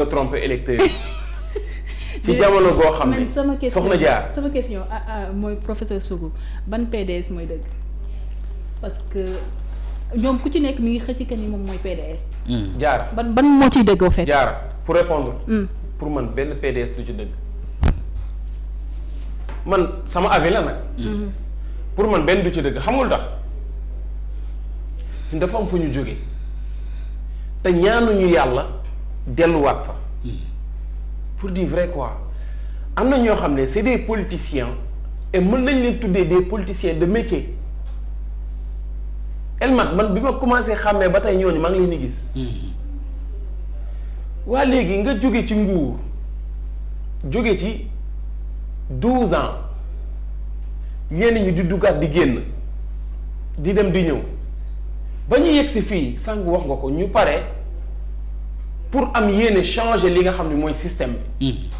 nga tromper électeur yi ci jamono goo xam ne soxna jaar sama question ah, ah, mooy professeur Sougou ban PDS mooy dëgg parce que ñoom ku ci nekk mu ngi xëcc kan ni moom mooy PDS. Hmm. jaara ban ban moo ciy dëggoo fekk. jaara pour répondre hmm. pour man benn PDS du ci dëgg. man sama avis nag. Hmm. pour man benn du ci dëgg xamul tax dafa am fu ñu jóge te ñaanuñu yàlla. delluwaat fa. Hmm. pour di vrai quoi am na ñoo xam ne c'est des politiciens et mën nañ leen tuddee des politiciens de métier Elmat man bi ma commencé xàmmee ba tey ñoo ñooñu maa ngi leen di gis. Hmm. waa léegi nga jóge ci nguur jóge ci douze ans ñenn ñi di duggaat di génn di dem di ñëw ba ñu yegg si fii sànq wax nga ko ñu pare. pour am yéene changer li nga xam ne mooy système bi hmm.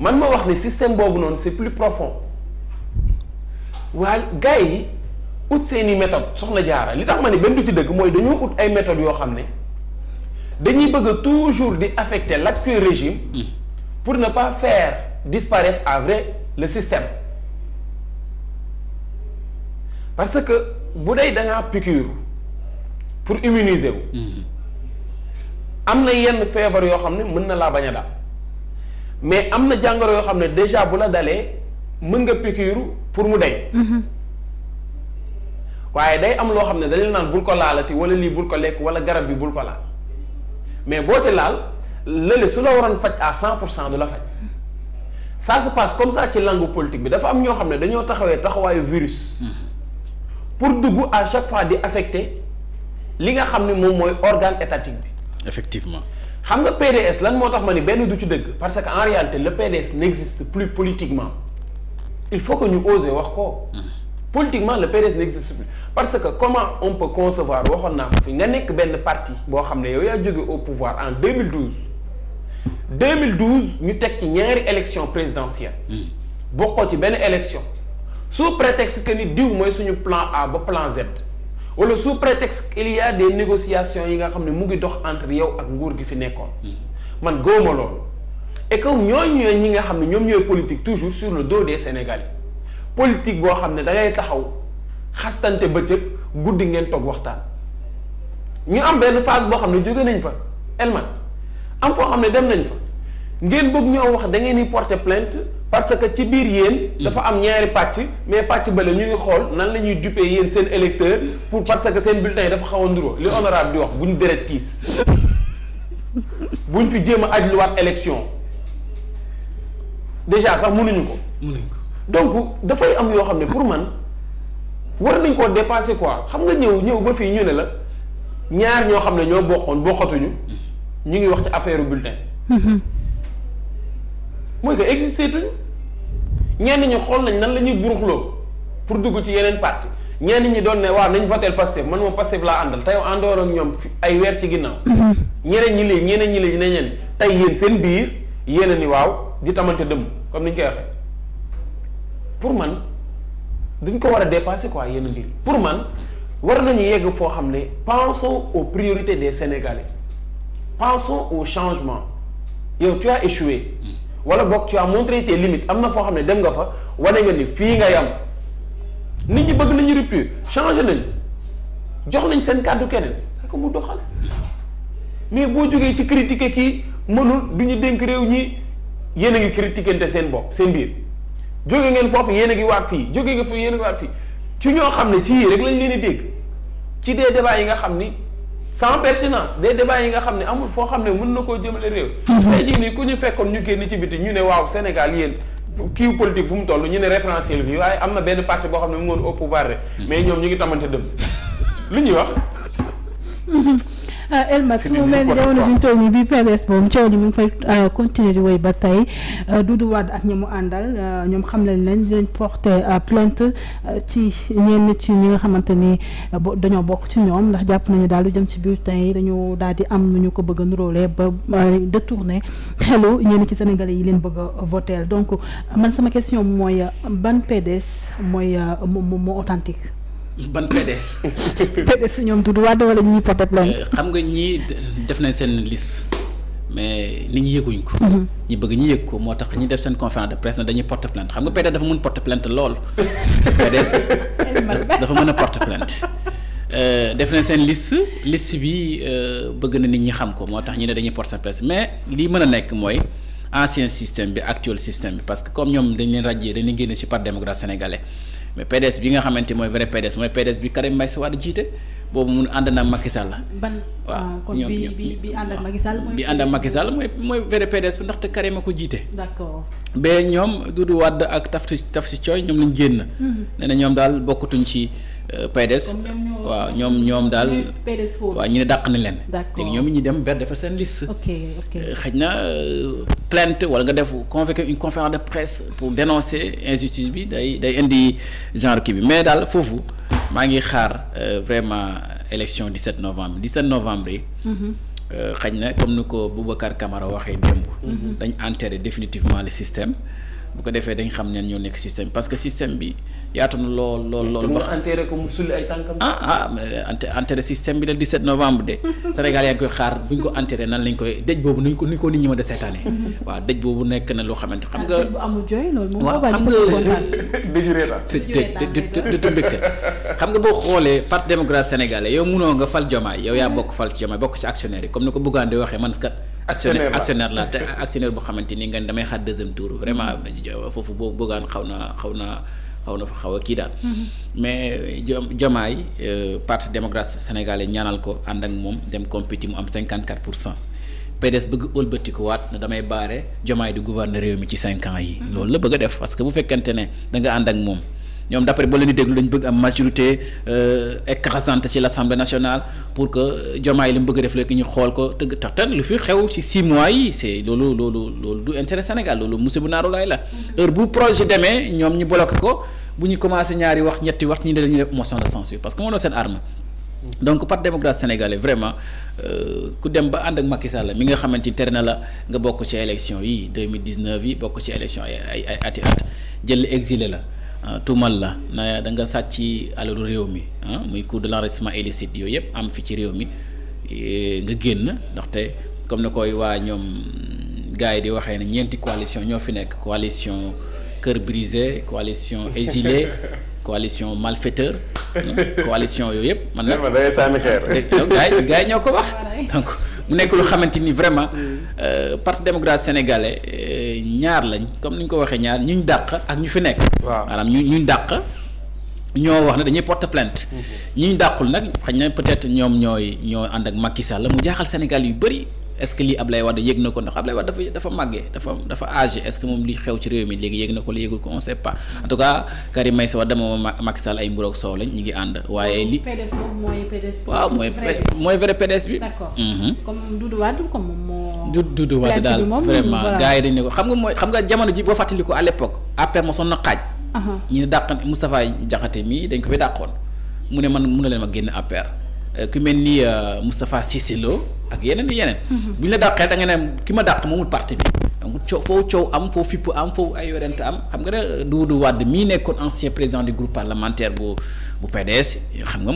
man ma wax ne système boobu noonu c'est plus profond waaye gars yi ut seeni méthode soxna jaara li tax ma ne benn du ci dëgg mooy dañoo ut ay méthodes yoo xam ne dañuy bëgg toujours di affecter l'actuel régime hmm. pour ne pas faire disparaître à vrai le système parce que bu dee da ngaa piqûre pour immuniser wu. Hmm. am na yenn feebar yoo xam ne mën na laa bañ a daal mais am na jàngoro yoo xam ne déjà bu la dalee mën nga piqûre pour mu deñ mhm. waaye day am loo xam ne dañu naan bul ko laalati wala lii bul ko lekk wala garab bi bul ko laal mais boo ci laal lële su la waroon faj à cent pour cent du la faj ça se passe comme ça ci langue politique bi dafa am ñoo xam ne dañoo taxawee taxawaayu virus mhm. pour dugg à chaque fois di affecter li nga xam ne moom mooy organe étatique bi effectivement xam nga PDS lan moo tax ma ni benn du ci dëgg parce que en réalité le PDS n'existe plus politiquement il faut que ñu oser wax ko. Hmm. politiquement le PDS n'existe plus parce que comment on peut concevoir waxoon naa ko fi nga nekk benn parti boo xam ne yow yaa jóge au pouvoir en 2012 2012 ñu teg ci ñaari élection présidentielle hmm. bokkoo ci benn élection sous prétexte que ni diw mooy suñu plan A ba plan Z. wala sous prétexte qu'il y a des yi nga xam ne mu ngi dox entre yow ak nguur gi fi nekkoon hmm. man góoma loolu et que ñi nga xam ne ñoom ñooy politique toujours sur le de des Sénégalais politique boo xam ne dangay ngay taxaw xastante bëccëg guddi ngeen toog waxtaan ñu am benn phase boo xam ne jóge nañ fa Elman am foo xam ne dem nañ fa ngeen bëgg ñoo wax da ngeen di porter plainte parce que ci biir yéen. dafa am ñaari pàcc. mais pàcc bële ñu ngi xool nan la ñuy duper yéen seen électeur pour parce que seen bulletin yi dafa xaw a li honorable di wax buñ deret tiis buñ fi jéem a ajluwaat élection déjà sax mënuñu ko. mënuñu ko dafay am yoo xam ne pour man war nañ koo dépasser quoi xam nga ñëw ñëw ba fii ñu ne la ñaar ñoo xam ne ñoo bokkoon bokkatuñu ñu ngi wax ci affaire bulletin. Mm-hmm. mooy que existé tuñ ñenn ñi xool nañ nan la ñuy buruxloo pour dugg ci yeneen parti ñenn ñi doon ne waaw nañ voteel Pastef man moom Pastef laa àndal te yow àndoon ak ñoom ay weer ci ginnaaw. Mhm. ñeneen ñi lii ñeneen ñi lii ne ñeneen tey yéen seen biir yéen a ni waaw di tamante dëmm comme ni ñu koy waxee pour man duñ ko war a dépasser quoi yenn mbir pour man war nañu yegg foo xam ne pensons au priorités des Sénégalais pensons au changement yow tu as échoué. wala bokk ci as montré tes limites am na foo xam ne dem nga fa wane nga ni fii nga yam nit ñi bëgg nañu rupture changé nañ jox nañ seen kàddu keneen ak mu doxal mais boo jógee ci critique kii mënul du ñu dénk réew ñi yéen a ngi critiquente seen bopp seen biir jóge ngeen foofu yéen a ngi waat fii jóge nga fii yéen a ngi waat fii ci ñoo xam ne ci yii rek lañ leen di dégg ci des débats yi nga xam ni. sans pertinence de débats yi nga xam ne amul foo xam ne mën na koo jëmale réew. Mhm. tey jii nii ku ñu fekkoon ñu génn ci biti ñu ne waaw Sénégal yéen. kii politique fu mu toll ñu ne référentiel bi waaye am na benn parti boo xam ne mu ngoon au pouvoir rek mhm. mais ñoom ñu ngi tamante dëmm lu ñuy wax Ah, Elma su mu mel ni jamono ji ñu toll nii bii boobu coow li mi ngi fay ah, continuer di woy ba tey ah, Doudou Wade ak ñi mu àndal ñoom xam leen nañ di leen plainte ci ñenn ci ñi nga xamante ni dañoo bokk ci ñoom ndax jàpp nañu daal lu jëm ci bulletin yi dañu daal di am nu ñu ko bëgg a nuróole ba détourner xelu ñenn ci sénégalais yi leen bëgg a donc man sama question mooy ban PDS mooy moo authentique ban PDS. PDS ñoom Doudou Wade wala ñuy porté plainte. Eh, xam nga ñii def nañ seen liste mais nit ñi yëguñ ko. Mhm. ñi bëgg ñi yëg ko moo tax ñi def seen conférence de presse ne dañuy porté plainte xam nga PDS dafa mën porté plainte lool. PDS dafa mën a porté plainte. Eh, def nañ seen liste liste bi eh, bëgg na nit ñi xam ko moo tax ñu ne dañuy porté mais lii mën a nekk mooy. ancien système bi actuel système bi parce que comme ñoom dañ leen ràjjee dañ leen génne ci par démocratie sénégalais mais PDS bi nga xamante mooy vrai PDS mooy PDS bi Karim Meïssa a jiite boobu mun ànd na ak Macky Sall ban bi ànd ak Macky Sall. mooy mooy vrai PDS ndaxte Karim a ko jiite. d'accord ba ñoom Doudou Wade ak Tafsi Tafsi Thioye ñoom lañ génn. Mhm. nee ñoom daal bokkatuñ ci. Euh, PDS waaw ñoom ñoom daal waaw ñu ne dàq leen léegi ñoom it dem ber defar seen liste euh, xëj na euh, plainte wala nga def convoquer une conférence de presse pour dénoncer injustice bi day day indi genre kii bi mais daal foofu maa ngi xaar vraiment élection 17 novembre 17 novembre yi mhm. xëj na comme ni ko Boubacar Camara waxee démb mhm. dañ enterrer définitivement le système bu ko defee dañ xam ne ñoo nekk système parce que système bi yaatu na lool lool lool. ba enterré ko mu sulli ay tànkam. ah ah enterré système bi la 17 novembre de Sénégal yaa ngi xaar bu ñu ko nan lañ koy dëj boobu nuñ ko nuñ ko nit ñi ma de seetaane. waaw nekk na loo xamante xam nga. Ah, bu amul jooy loolu moom boobaa ñu ko boo xoolee parti démocratique sénégalais yow munoo nga fal jomaay yow yaa bokk fal ci jomaay bokk ci actionnaire yi comme ni ko Bougane waxee man kat. actionnaire actionnaire la te actionnaire boo xamante ni nga damay xaar deuxième tour vraiment foofu boo Bougane xaw na xaw na xaw na fa xaw a kii daal. mais Diomaye euh, parti démocratie sénégalais ñaanal ko ànd ak moom dem compétit mu am 54 pour cent. PDS bëgg ëlbati ko waat ne damay baare Diomaye di gouverneur réew mi ci 5 yi. Mm-hmm. loolu la bëgg a def parce que bu fekkente ne da nga ànd ak moom. ñoom d'après boo leen di déglu dañu bëgg am majorité euh, écrasante ci l'Assemblée nationale pour que Diomaye li mu bëgg a def léegi ñu xool ko tëgg taxtan lu fi xew ci six yi c'est loolu loolu du intérêt Sénégal bu ñu commencé ñaari wax ñetti wax ñu ne dañuy def motion de censure parce que moo doon seen arme. donc parti démocrate sénégalais vraiment euh, ku dem ba ànd ak Macky Sall mi nga xamante tere na la nga bokk ci élection yi 2019 yi bokk ci élection ay ay ati at jël exilé la ah, tuumal la na da nga sàcc alalu réew mi ah, muy cour de l'enrichissement illicite yooyu yëpp am fi ci réew mi eh, nga génn ndaxte comme na koy waa ñoom gars yi di waxee ne ñeenti coalition ñoo fi nekk coalition kër brisé coalition exilé coalition malfaiteur coalition yooyu yëpp man na nag eh, eh, gars yi gars yi ñoo ko wax donc mu nekk lu xamante ni vraiment mm. euh, parti démocrate sénégalais euh, ñaar lañ comme ni ñu ko waxee ñaar ñu ñu dàq ak ñu fi nekk maanaam ñu ñu dàq ñoo wax ne dañuy porter plainte ñu mm-hmm. ñu dàqul nag xëy na peut-être ñoom ñooy ñoo ànd ak Macky Sall mu jaaxal Sénégal yu bëri est-ce que lii Ablaye Wade yëg na ko ndax Ablaye Wade dafa dafa màggee dafa dafa âgé est-ce que moom li xew ci réew mi léegi yëg na ko la yëgul ko on sait pas en tout cas Karim Meïssa dama Macky Sall ay mburoog soow ñu ngi ànd waaye li PDS moom mooy PDS waaw mooy mooy vrai PDS bi d'accord mhm. comme Doudou Wade comme moom daal vraiment gars yi dañ ne ko xam nga mooy xam nga jamono ji boo fàttali ko à l'époque après mo son na xaaj uh-huh. ñi ne dàqan Moustapha mii dañ ko fi dàqoon mu ne man mun na leen ma génn APR Euh, ku mel ni euh, Moustapha Cissé Lo ak yeneen yeneen. Mhm. bu ñu la dàqee da nga ne ki ma dàq moomul parti bi. donc coow foo coow am foo fipp am foo ay werante am xam nga ne Doudou Wade mii nekkoon ancien président du groupe parlementaire bu bu PDS xam nga.